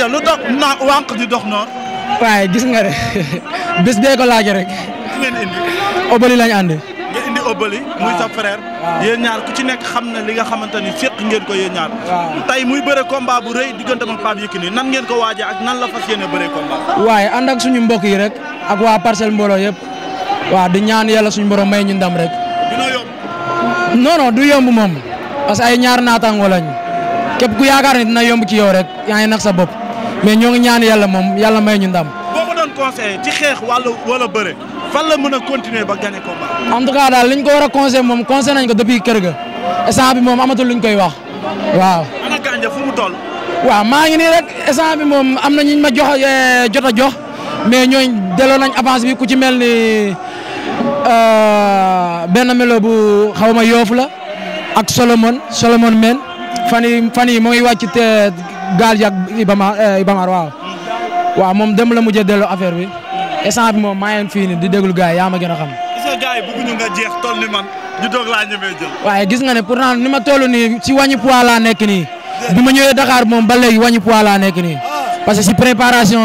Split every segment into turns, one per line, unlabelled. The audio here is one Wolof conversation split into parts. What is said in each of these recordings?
Sindia lu tax na
wànq di dox noor. waaye gis nga de bés bee ko laaj rek. ki ngeen indi. obali lañ ànd.
nga indi obali. muy sa frère. yéen ñaar ku ci nekk xam na li nga xamante ni séq ngeen ko yéen ñaar. tey muy bëre combat bu rëy diggante ak Pape Yékini nan ngeen ko waajee ak nan la fas yéene bëree
combat. waaye ànd ak suñu mbokk yi rek. ak waa parcelle mbooloo yëpp. waa di ñaan yalla suñu borom may ñu ndam rek. dina du yomb moom. parce que ay ñaar naataango lañ képp ku yaakaar ne dina yomb ci yow rek yaa ngi sa bopp mais ñoo ngi ñaan yàlla moom yàlla may ñu ndam.
boo ko doon conseillé ci xeex wàllu wala bëre fan la mën a continuer ba gagné combat. en tout cas daal li ko war
a conseillé moom conseillé nañ ko depuis kër ga instant bi moom amatul luñ koy wax waaw.
ana mu toll.
waaw maa ngi nii rek instant bi moom am na ñu ma jox eh, jot a jox mais ñooñ delloo nañ avance bi ku ci mel ni euh, benn melo bu xaw ma yoofu la ak Solomon Solomon men fan yii fan yii mu ngi wàcc gaal eh, waaw. moom dem la mujjee delloo affaire bi. instant bi moom maa ngi fii di déglu gars yi yaa ma gën a xam. gis nga
gars yi bëgguñu nga jeex toll
gis nga ne pourtant ni ma toll nii ci wàññi poids laa nekk nii. bi ma moom ba léegi wàññi poids laa nekk ah. parce que si préparation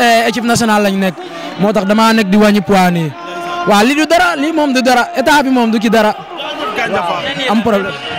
eh, équipe nationale lañ nekk moo tax dama nekk di wàññi poids nii. waaw li du dara lii moom du dara état bi moom du ci dara. am problème.